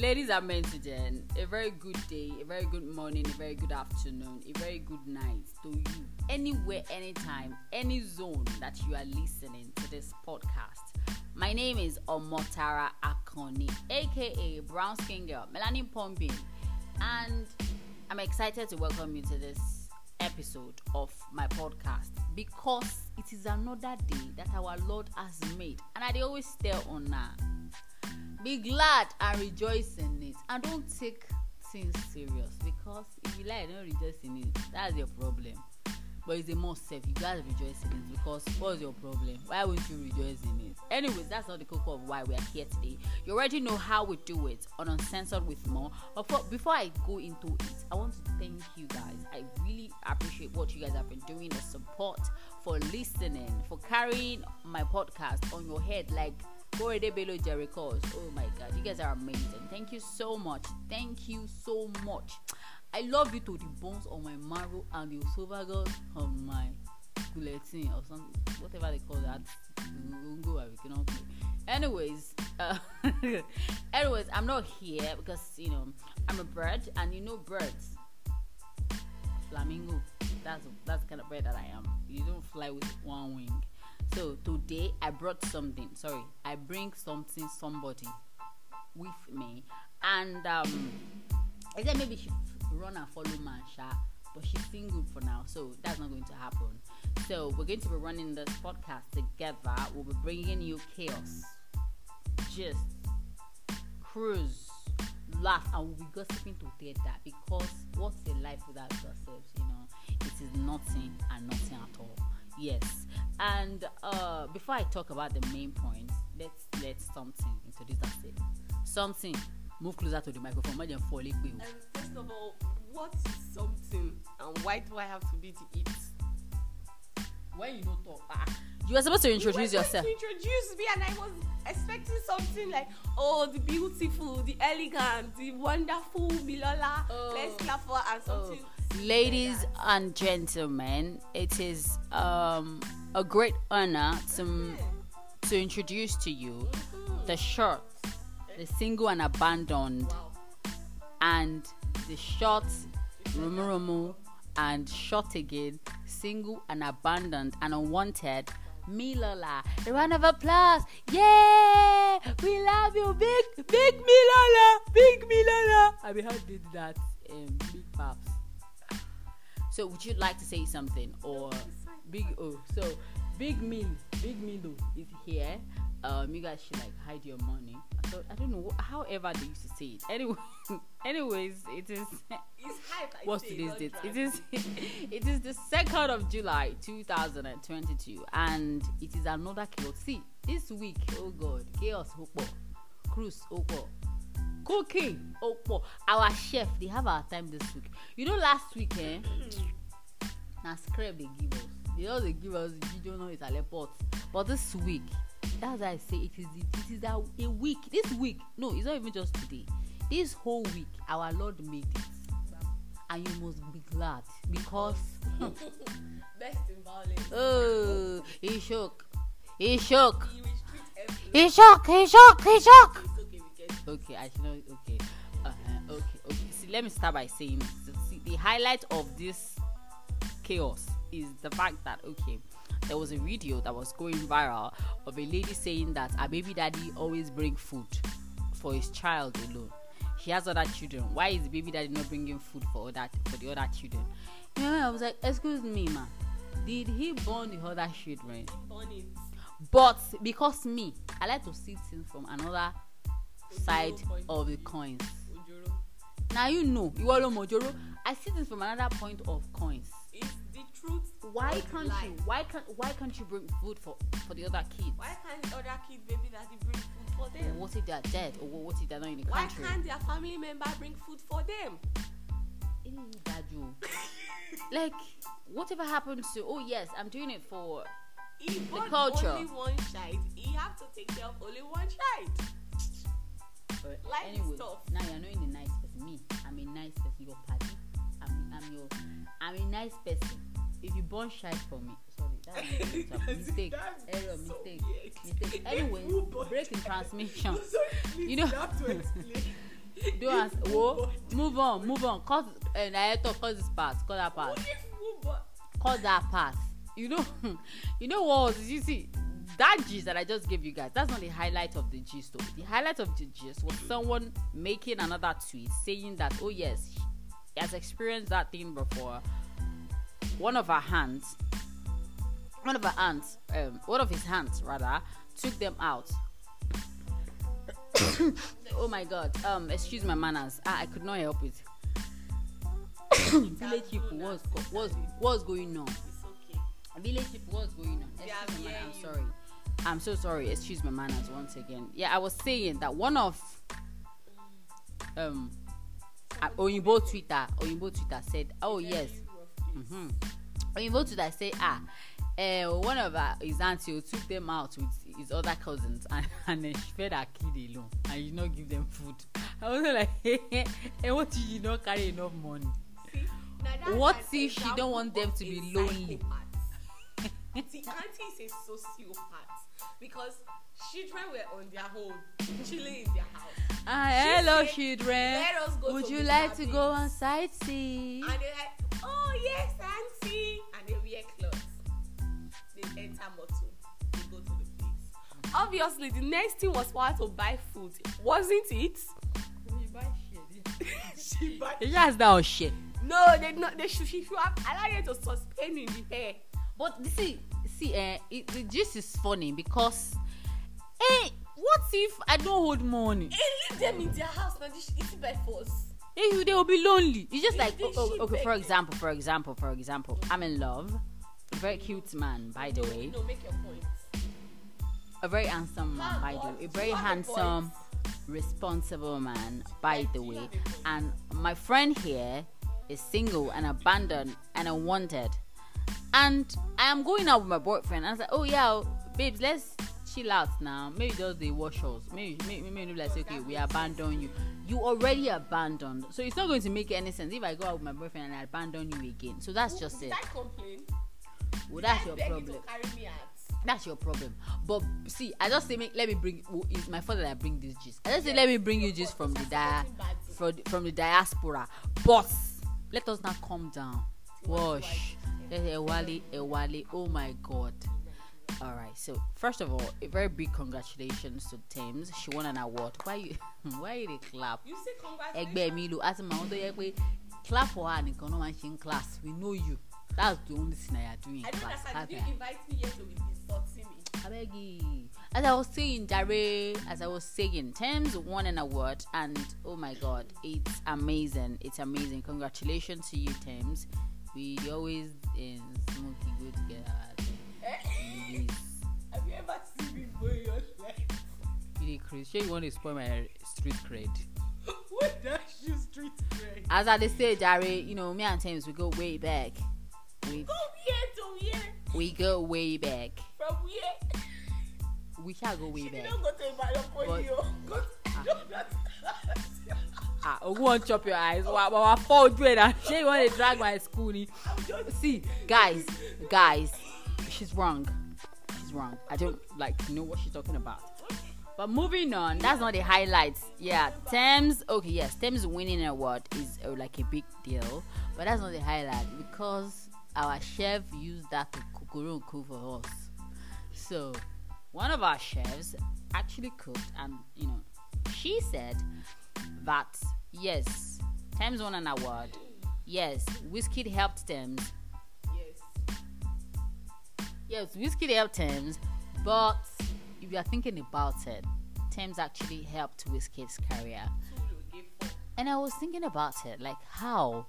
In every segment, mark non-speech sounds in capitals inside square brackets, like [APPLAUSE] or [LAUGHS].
ladies and gentlemen, a very good day, a very good morning, a very good afternoon, a very good night to you. Anywhere, anytime, any zone that you are listening to this podcast. My name is Omotara Akoni, aka Brown Skin Girl, Melanie Pumping, and I'm excited to welcome you to this episode of my podcast because it is another day that our Lord has made, and I always stay on that be glad and rejoice in it and don't take things serious because if you lie don't rejoice in it that's your problem but it's a must safe. you guys rejoice in it because what's your problem why won't you rejoice in it anyways that's not the cocoa of why we are here today you already know how we do it on uncensored with more but for, before i go into it i want to thank you guys i really appreciate what you guys have been doing the support for listening for carrying my podcast on your head like Borede Belo Jericho's. Oh my god, you guys are amazing. Thank you so much. Thank you so much. I love you to the bones of my marrow and the esophagus of my gelatin or something, whatever they call that. Anyways, uh, [LAUGHS] anyways, I'm not here because you know I'm a bird, and you know birds, flamingo. That's that's the kind of bird that I am. You don't fly with one wing. So today I brought something. Sorry, I bring something somebody with me, and um, I said maybe she run and follow Mansha, but she's single for now, so that's not going to happen. So we're going to be running this podcast together. We'll be bringing you chaos, just cruise, laugh, and we'll be gossiping to theater because what's a life without ourselves? You know, it is nothing and nothing at all yes and uh, before i talk about the main point let's let something introduce ourselves something move closer to the microphone more than falling first of all what is something and why do i have to be the it when you don't talk ah you were supposed to introduce you were yourself to introduce me and i was expecting something like oh the beautiful the elegant the wonderful milola oh. let's clap for and something oh ladies and gentlemen, it is um, a great honor to, to introduce to you the short, the single and abandoned, and the short, rumu rumu, and short again, single and abandoned and unwanted. Milola, a round of applause! Yeah, we love you, big, big Milola, big Milola. I mean, how did that, um, big pops? So would you like to say something or Big O? Oh, so Big Min, Big Milo is here. Um, you guys should like hide your money. So I don't know. However, they used to say it. Anyway, [LAUGHS] anyways, it is. hype, what's today's date? It is. [LAUGHS] it is the second of July, two thousand and twenty-two, and it is another chaos. See, this week, oh God, chaos, hopo, cruise, hopo. cooking oh for our chef they have our time this week you know last week eh, na scrap they give us they just dey give us You don't know it's a pot but this week that's why i say it is the it is a, a week this week no it's not even just today this whole week our lord made it and you must be glad because. best in violence. oh he shock he shock he shock he shock he shock. okay, I should know. Okay, uh-huh, okay, okay. See, let me start by saying see, the highlight of this chaos is the fact that okay, there was a video that was going viral of a lady saying that a baby daddy always bring food for his child alone. He has other children. Why is baby daddy not bringing food for that for the other children? You know, I was like, excuse me, ma. Did he burn the other children? Born it. But because me, I like to see things from another side of the coins Now you know you ló mọ Mojoro. i see this from another point of coins why can't life. you why can't why can't you bring food for for the other kids. why can't the other kids maybe that you bring food for them. what if they are dead or what if they are not in the why country. why can't their family member bring food for them. like whatever happens to oh yes i'm doing it for. he the culture. only one child he have to take care of only one child. Life anyway, stuff. now you're knowing the nice person. Me, I'm a nice person. Your party, I'm, I'm your, I'm a nice person. If you born shy for me, sorry, that's [LAUGHS] mistake, error, so mistake, weird. mistake. [LAUGHS] Anyway, break in transmission. [LAUGHS] sorry, you know. do as wo move on move on cause uh, I head talk cause this pass cause that pass cause that pass you know you know what you see that gist that I just gave you guys, that's not the highlight of the gist. Though. The highlight of the gist was mm. someone making another tweet saying that, oh yes, he has experienced that thing before. One of her hands, one of her hands, um, one of his hands rather, took them out. [COUGHS] oh my god, um, excuse my manners. I, ah, I could not help it. [COUGHS] Village people, what's, what's, what's going on? Village people, what's going on? Excuse me, I'm sorry. I'm so sorry. Excuse my manners once again. Yeah, I was saying that one of um Oyinbo Twitter, Oyinbo Twitter said, "Oh yes." Mm-hmm. Oyinbo Twitter said, "Ah, uh, one of uh, his auntie took them out with his other cousins [LAUGHS] and, and she fed her kid alone and you not give them food." I was like, [LAUGHS] "Hey, hey what did you not carry enough money? See, what if she don't want them to be lonely?" Psychopath. auntie auntie is a sociopath because children were on their own chilling in their house. Ah, she hello said, children let us go would you like to go on sightsee. and they like oh yes auntie and they wear clothes. they enter motor they go to the place. obviously the next thing was for her to buy food wasn't it. you buy shit. [LAUGHS] she buy. you just that shit. no they not. they should she should have allowed her to suspend in the air. But see, see, uh, it, the gist is funny because, hey, eh, what if I don't hold money? Hey, leave them in their house now. This is by force. Hey, they will be lonely. It's just like, oh, oh, okay, for example, for example, for example, I'm in love. A very cute man, by the way. No, make your point. A very handsome man, by the way. A very handsome, responsible man, by the way. And my friend here is single and abandoned and unwanted and I am going out with my boyfriend. And I was like, oh yeah, babes, let's chill out now. Maybe just the wash us. Maybe maybe, maybe like say, okay, we abandon you. You already abandoned, so it's not going to make any sense if I go out with my boyfriend and I abandon you again. So that's just it. I complain? Well, that's your problem. That's your problem. But see, I just say, make, let me bring. It's my father that I bring this gist. I just say, let me bring you gist from the from, from the diaspora. But let us not calm down. Wash. Ewali, Ewali, oh my god. All right. So first of all, a very big congratulations to Thames. She won an award. Why you? [LAUGHS] Why you clap? You say congratulations. Ẹgbẹ́ clap for her nìkan náà máa in class. We know you. That's the only thing I are doing I I class. I know Did you invite me here to be insulting me? Abegi. As I was saying, Dare, as I was saying, Thames won an award, and oh my God, it's amazing! It's amazing. Congratulations to you, Thames we always in smoke good go together. Eh? At Have you ever seen me go in your life? You Chris, you want to spoil my street cred. [LAUGHS] what does street cred? As I say, Jerry, you know me and James, we go way back. We go here to here. We go way back. From here. We shall go way she back. Don't go to Ibadan for you. Go, [LAUGHS] ah won't oh, chop your eyes wa wa fall ojú ẹ na shey you wan dey drag my school ni see guys guys she's wrong she's wrong i don't like know what she's talking about but moving on that's not the highlights yeah thames okay yes thames winning an award is uh, like a big deal but that's not the highlight because our chef used that to cook and cook for us so one of our chefs actually cooked and you know she said that. Yes. Times won an award. Yes. Whiskey helped Thames. Yes. Yes, Whiskey helped Thames. But if you are thinking about it, Thames actually helped Whiskey's career. And I was thinking about it, like how,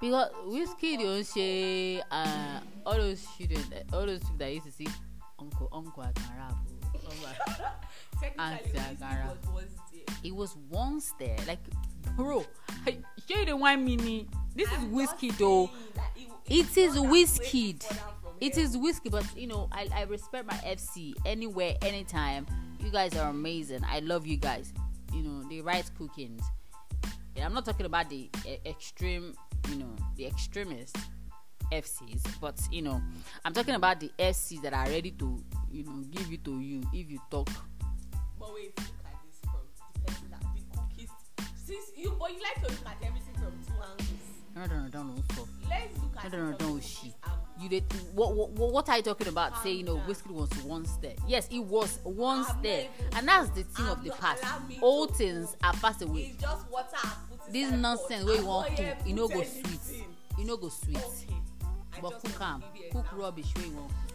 because Whiskey don't say uh, all those students, all those people that used to see Uncle Uncle I marabu. [LAUGHS] was, was there. It was once there. Like, bro, I, you the wine, mini. This I'm is whiskey though. it, it is whiskey. It is whiskey, but you know, I, I respect my FC anywhere, anytime. You guys are amazing. I love you guys. You know, the rice cookings. And I'm not talking about the extreme, you know, the extremist FCs, but you know, I'm talking about the FCs that are ready to you know give it to you if you talk. but wait look at this from the person that the cookies since you but you like to look at everything from two angles. Random Random don't stop. Let's look at not Random she. You did what, what? What are you talking about? Calm Saying you know, whiskey was once there. Yes, it was once I'm step, and that's the thing I'm of the past. All things are passed away. It's just water. This nonsense where you want to, you know go sweet, you know go sweet. Okay. But cook am, cook rubbish where you want cook.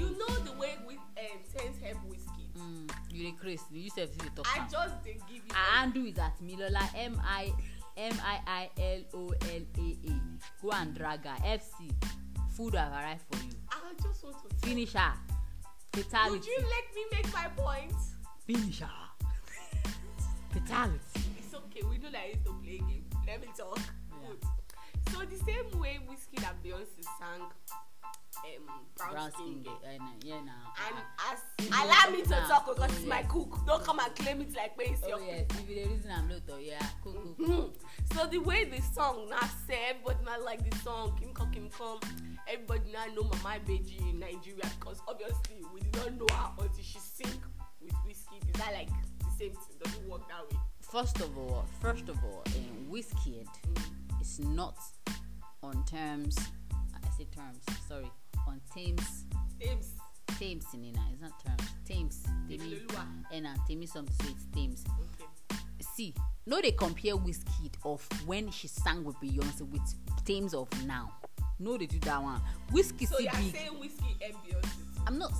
you know the way we um, sense help whiskey. Mm, you dey craze you sef still dey talk am. i just dey give you. her handle is at milola mi m-i-i-l-o-l-a-a go and drag her fc food have arrived for you. i just want to. finish her fatality. would you let me make my point. finish her [LAUGHS] fatality. it's okay we know that i used to play game let me talk. Yeah. so the same way whiskey and beyonce sang um, brown, brown skin, skin girl. I yeah, now. And uh, as allow me to now. talk because oh, it's yes. my cook. Don't come and claim it like it's oh, your yes. cook. If the reason I'm not, yeah, cook, cook. Mm-hmm. So the way the song now say everybody not like the song Kim Kong Kim Kong. Everybody now know Mama Beji in Nigeria because obviously we did not know her until she sing with whiskey. Is that like the same thing? Does it work that way? First of all, first of all, um, whiskey mm. is not on terms. I say terms. Sorry on Thames. Thames. Thames, Nina. It's not Thames. Thames. Thames. And I'm uh, Thames some sweet Thames. Okay. See, no, they compare Whiskey of when she sang with Beyonce with Thames of now. No, they do that one. Whiskey. So you're saying Whiskey and Beyonce. I'm not.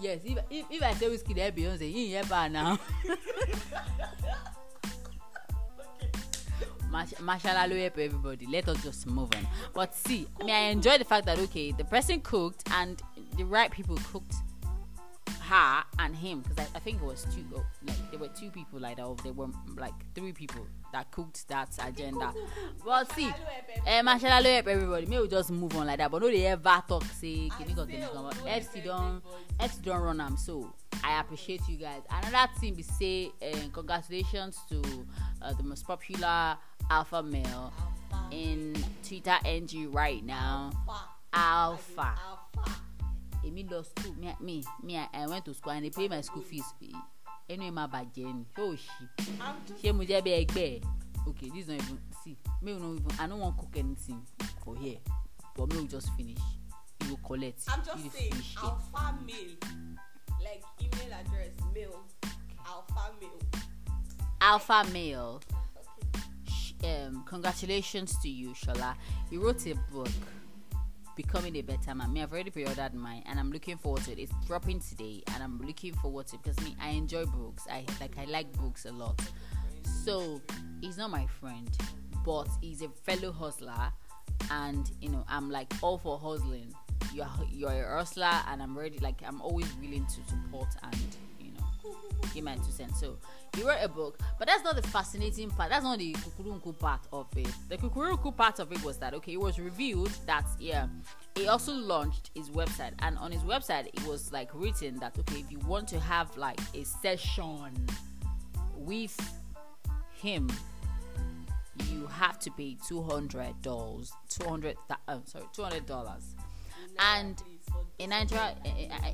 Yes, if, if, if I say Whiskey, then Beyonce, he ain't here now. [LAUGHS] [LAUGHS] Mashallah to everybody. Let us just move on. But see, may I enjoy the fact that okay, the person cooked and the right people cooked her and him because I, I, think it was two oh, like there were two people like that or there were like three people that cooked that agenda well see eh mashallah help everybody may we just move on like that but no they ever toxic say kini go kini come fc don fc don run am so i appreciate you guys another thing we say uh, congratulations to uh, the most popular alpha male alpha. in twitter ng right now alpha. alpha. alpha. èmi lọ school me me me i went to school and they pay my school fees ẹnu ẹ máa bàjẹ́ ni ṣé o ṣì ṣé mo jẹ́ bí ẹgbẹ́ ẹ okay this don't even see me no even i no wan cook anything for here but me we just finish you go collect I'm just you saying, finish it. alpha mail like email address mail alpha mail. alpha mail. Okay. Um, congratulations to you, Shola. You wrote a book. becoming a better man. I I've already pre-ordered mine and I'm looking forward to it. It's dropping today and I'm looking forward to it because me, I enjoy books. I like I like books a lot. So he's not my friend, but he's a fellow hustler, and you know I'm like all for hustling. You're you're a hustler, and I'm ready. Like I'm always willing to support and he my to send So he wrote a book, but that's not the fascinating part. That's not the kukurunku part of it. The kukurunku part of it was that okay, it was revealed that yeah, he also launched his website, and on his website it was like written that okay, if you want to have like a session with him, you have to pay two hundred dollars, two hundred, um, sorry, two hundred dollars, and. In Nigeria,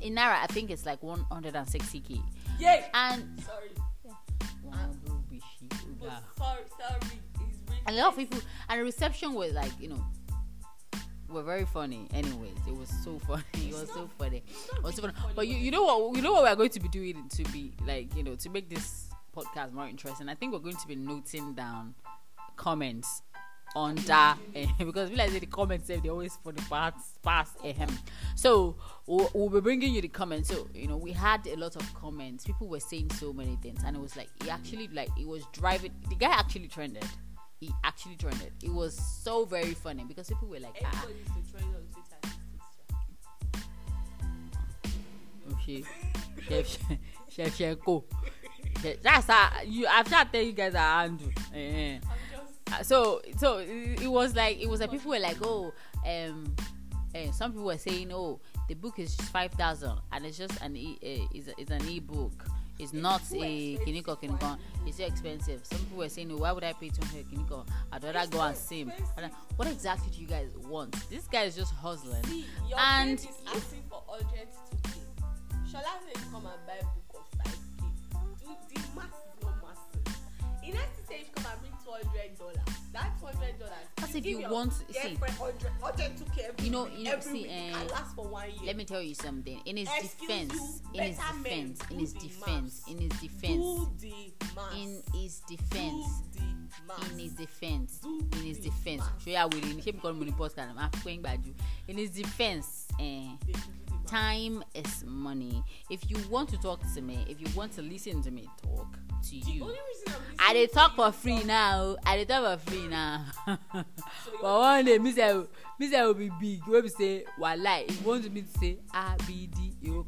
in Naira, I think it's like 160k Yes. And sorry. Yeah. Ah, oh, and a lot of people and the reception was like, you know, were very funny. Anyways, it was so [LAUGHS] funny. It was so funny. It was so funny. But you, you know what you know what we're going to be doing to be like, you know, to make this podcast more interesting. I think we're going to be noting down comments under eh, because we like the comments they always for the past past ahem. So we'll, we'll, be bringing you the comments. So you know we had a lot of comments. People were saying so many things, and it was like he actually like it was driving. The guy actually trended. He actually trended. It was so very funny because people were like, ah. Okay, chef, chef, go. That's how you. I've tried to tell you guys I handle so so it was like it was like people were like oh um and eh, some people were saying oh the book is five thousand and it's just an e- uh, eh, it's, an e-book it's not a kiniko kiniko it's expensive some people were saying oh, why would i pay 200 kiniko i'd rather go and sim what exactly do you guys want this guy is just hustling See, your and is asking for urgent today shall i come and buy book hundred dollars. That hundred dollars. That's if you, want to see. K. You know, you know, see, week, uh, eh, can last for one year. Let me tell you something. In his Excuse defense, you, in his defense, in his defense, in his defense, in his defense. In his defense, in his defense, Shreya will in shape call money podcast. I'm going by you. In his defense, eh, time is money. If you want to talk to me, if you want to listen to me talk, to you oh. i dey talk for free now i dey talk for free now but one day me sef will be big wey be say wahala if wants me to say meet say abd you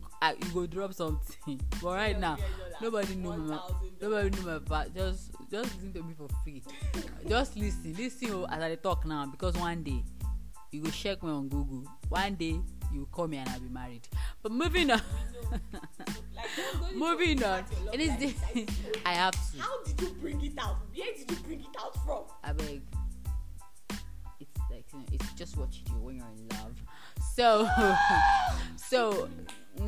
go drop something [LAUGHS] but right now nobody know my nobody know my part just just listen to me for free [LAUGHS] just listen, listen. Oh, as i talk now because one day you go check me on google one day you call me and I'll be married. But moving on. like, [LAUGHS] moving on. It is the, [LAUGHS] I have to. How did you bring it out? Where did you bring it out from? I beg. It's like you know, it's just what you do when you're in love. So, [LAUGHS] so,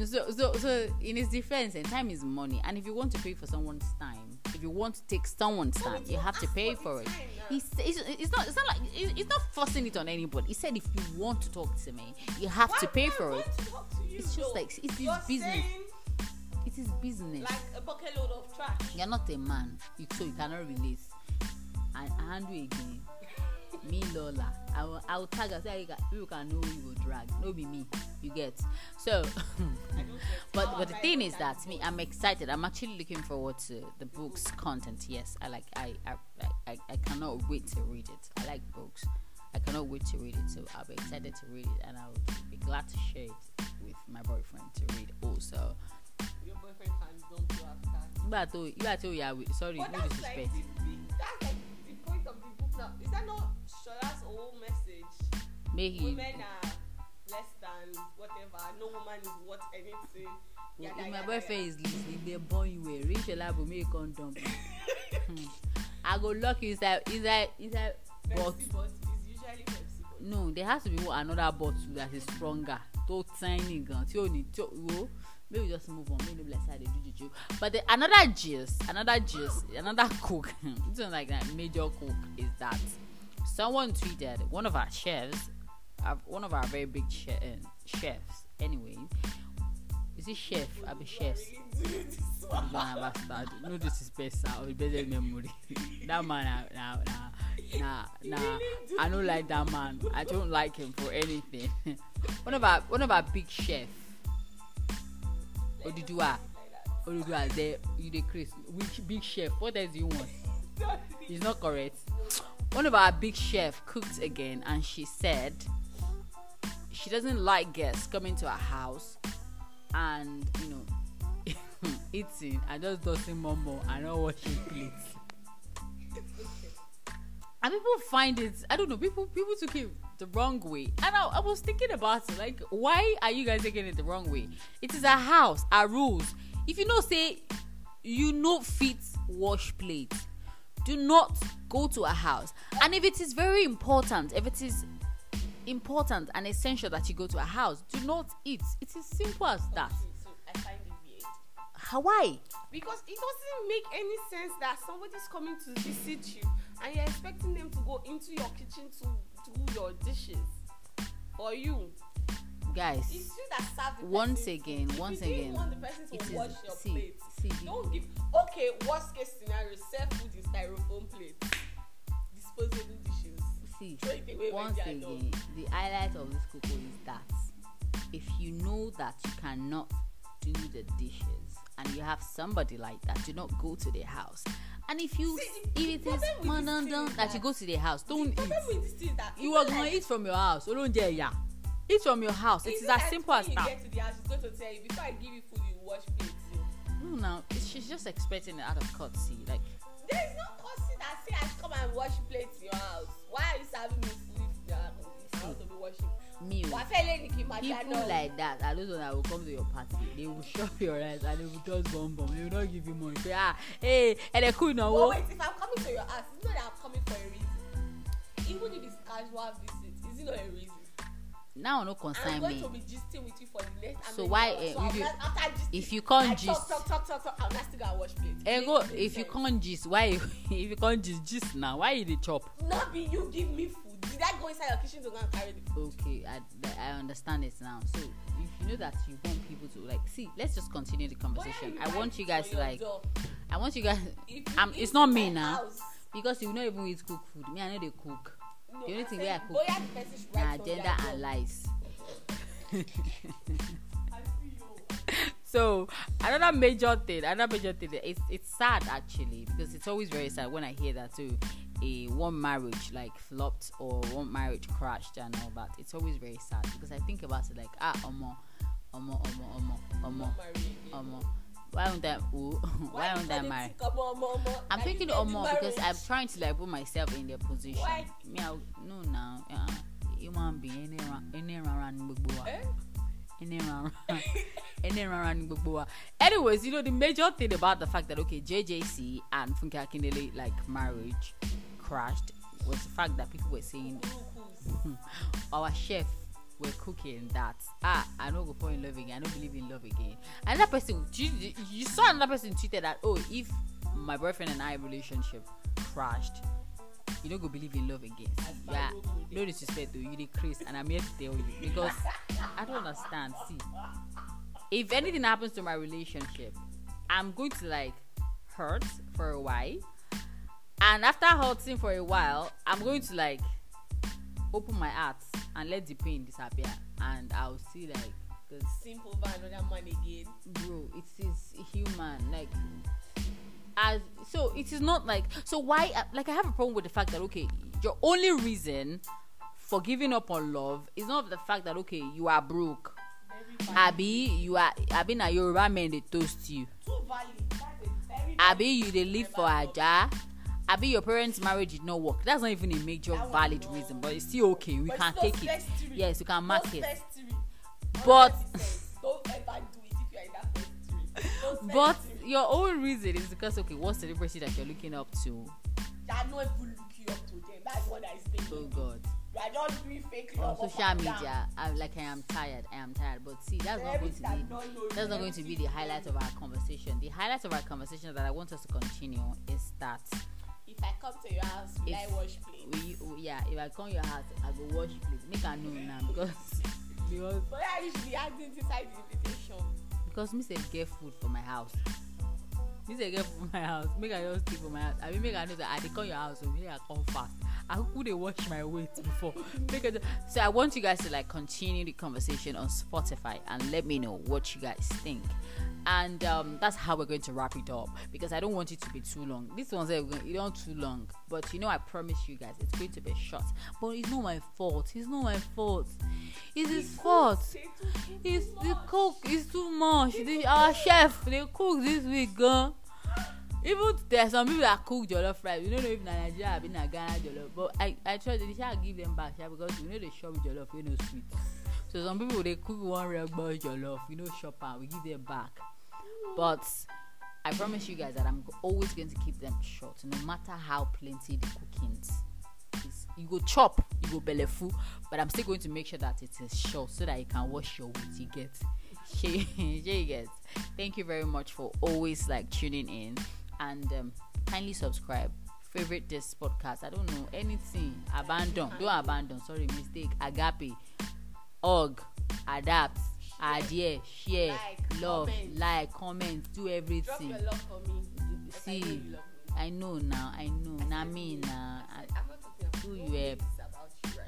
so, so, so, in his defense, and time is money. And if you want to pay for someone's time if you want to take someone's time, you have to pay for it. He, it's, it's not. It's not like it's not forcing it on anybody. He said if you want to talk to me, you have to pay for it. It's just like it's his business. It is business. Like a bucket load of trash. You're not a man, you, so you cannot release. And handle again. me Lola, I will, I will tag her. Say you can know you will drag. No be me you get so [LAUGHS] but but the thing is that me i'm excited i'm actually looking forward to the book's content yes i like i i i, I cannot wait to read it i like books i cannot wait to read it so i'll be excited to read it and i'll be glad to share it with my boyfriend to read also your boyfriend can don't do after you are to you are sorry but that's disrespect like the, that's like the point of the book now is that not Shola's whole message May he, women are less than whatever no woman is worth anything. Yada, well, if my boyfriend is listening they born you well reach elabomi come dump hmm. you i go lock you inside inside inside bottle is usually no there has to be another bottle that is stronger tó tiny gan tí o ní tí o wo maybe just move on maybe like say i dey do juju but the, another gist another gist another [LAUGHS] coke. cook something like that major coke. is that someone tweeted one of our chefs one of our very big chef, um, chefs, anyway, Is it chef? I'm a chef. nah, bastard. No, this is better. be better memory. [LAUGHS] that man, nah, nah, nah, nah. I don't like that man. I don't like him for anything. [LAUGHS] one of our, one of our big chef. Odudua. Odudua is there. You the Chris. Which big chef? What else do you want? It's not correct. One of our big chef cooked again, and she said she doesn't like guests coming to her house and you know [LAUGHS] eating and just dusting mumbo and not washing plates. [LAUGHS] and people find it i don't know people people took it the wrong way and I, I, was thinking about it like why are you guys taking it the wrong way it is a house our rules if you know say you know fit wash plate do not go to a house and if it is very important if it is important and essential that you go to a house. Do not eat. It's simple as that. Okay, so I find it weird. Hawaii. Because it doesn't make any sense that somebody's coming to visit you and you're expecting them to go into your kitchen to do your dishes for you. Guys, once again, if once again, it is see, plate, see, don't give. Okay, worst case scenario, serve food in styrofoam plates, disposable dishes see once again the highlight of this cocoa is that if you know that you cannot do the dishes and you have somebody like that do not go to their house and if you see, if it is mandandan that, that you go to their house don't the eat you are gonna like, eat from your house olóúnjẹ yeah. eat from your house it is, is as simple as that. no now she's just expecting it out of courtesy like. there is no courtesy that say i come and wash plates in your house. why are you serving me food meal oh. people like that are those ones that will come to your party they will shop your rice and they will just bomb bomb they will not give you money say ah hey edeku inawo. Oh. but wait if i'm coming to your house you know that i'm coming for a reason even if it's casual visit is it not a reason now no concern I'm me. to be gisting with you for the next. So why uh, so if you after gisting, if you can't gist, talk talk talk talk talk. I'm not still gonna wash plate. Ego, eh, if you can't gist, why [LAUGHS] if you can't gist gist now, why you the chop? No be you give me food. Did I go inside your kitchen to go and carry the food? Okay, I I understand it now. So if you know that you want people to like see, let's just continue the conversation. I want you guys to like, door? I want you guys. If you, um, it's not me now house. because you know even eat cook food. Me, I know they cook. No, the only thing we are cooking na agenda and lies. [LAUGHS] so another major thing, another major thing, it's it's sad actually because it's always very sad when I hear that too. A one marriage like flopped or one marriage crashed and all that. It's always very sad because I think about it like ah omo, omo, omo, omo, omo, omo. omo why won't I? Oh, [LAUGHS] why, why won't I marry? I'm thinking more because I'm trying to like put myself in their position. Me, I no now. want uh, human in any around gbogbo wa. Eh? Any around, [LAUGHS] any around Anyways, you know the major thing about the fact that okay, JJC and Funke Akindele like marriage crashed was the fact that people were saying hmm, our chef were cooking that ah i no go fall in love again i don't believe in love again another person you, you saw another person tweeted that oh if my boyfriend and i relationship crashed you don't go believe in love again yeah no disrespect though you decrease, and i'm here to tell you because i don't understand see if anything happens to my relationship i'm going to like hurt for a while and after hurting for a while i'm going to like open my heart and let the pain disappear and i'll see like the simple by that man again bro it is human like as so it is not like so why uh, like i have a problem with the fact that okay your only reason for giving up on love is not the fact that okay you are broke abi you are abi na yoruba men dey toast you abi you dey live for aja I your parents' marriage did not work. That's not even a major valid know. reason, but it's still okay. We but can take it. Theory. Yes, we can mark it. But don't ever do it if you are in that first But your own reason is because okay, what celebrity that you're looking up to? That not even looking up to them. That's what I say. Oh God. You are just doing fake love. On social media, I'm like I am tired. I am tired. But see, that's not going to be that's not going to be the highlight of our conversation. The highlight of our conversation that I want us to continue is that if i come to your house will if, i wash plate. We, yeah if i come to your house i go wash plate make i know now because. [LAUGHS] because yeah you acting inside the invitation. because me say get food for my house me say get food for my house make i just stay for my house i mean make i know that i dey come your house o oh, make i come fast i couldn't watch my weight before because, so i want you guys to like continue the conversation on spotify and let me know what you guys think and um, that's how we're going to wrap it up because I don't want it to be too long. This one's it not too long, but you know I promise you guys it's going to be short. But it's not my fault. It's not my fault. It's his fault. It's the cook It's too much. The, our chef they cook this week, girl. Even there's some people that cook jollof rice. We don't know if Nigeria have been a Ghana jollof, but I I try to dey give them back yeah, because we know they show shop jollof wey know sweet. So some people they cook one red boy love, you know, shopper, we give them back. But I promise you guys that I'm always going to keep them short, no matter how plenty the cooking is. You go chop, you go belefu, but I'm still going to make sure that it is short so that you can wash your wheat. You get, [LAUGHS] you get. Thank you very much for always like tuning in and um, kindly subscribe favorite this podcast. I don't know anything. Abandon. Don't abandon. Sorry, mistake. Agape. hug adapt adhere share like, love comment. like comment do everything see I know, I know now I know na me na who you help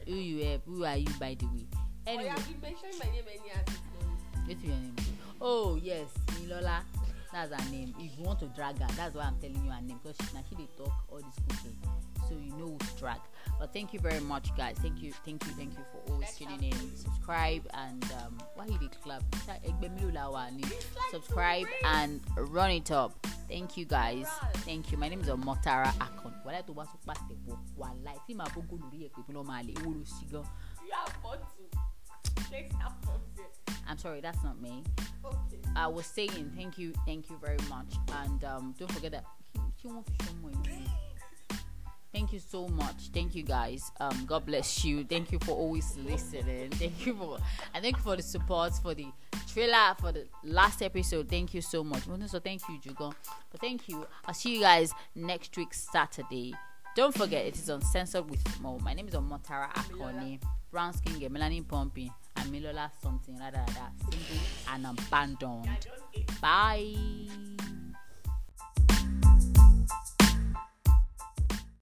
who you help who are you by the way oh, anyway mention my name any as it go. wetin your name oh yes Nilola that's her name if you want to drag her that's why i'm telling you her name because she na she dey talk all this cooking. so you know it's But thank you very much, guys. Thank you, thank you, thank you for always tuning in. Subscribe and um, why did it club? Subscribe and run it up. Thank you, guys. Thank you. My name is Omotara Akon. I'm sorry, that's not me. I was saying thank you, thank you very much, and um, don't forget that she wants to show more thank you so much thank you guys um god bless you thank you for always listening [LAUGHS] thank you for and thank you for the support for the trailer for the last episode thank you so much so thank you jugo but thank you i'll see you guys next week saturday don't forget it is on censored with mo my name is omotara akoni brown skin girl melanie pumping and milola something rather like that single and abandoned bye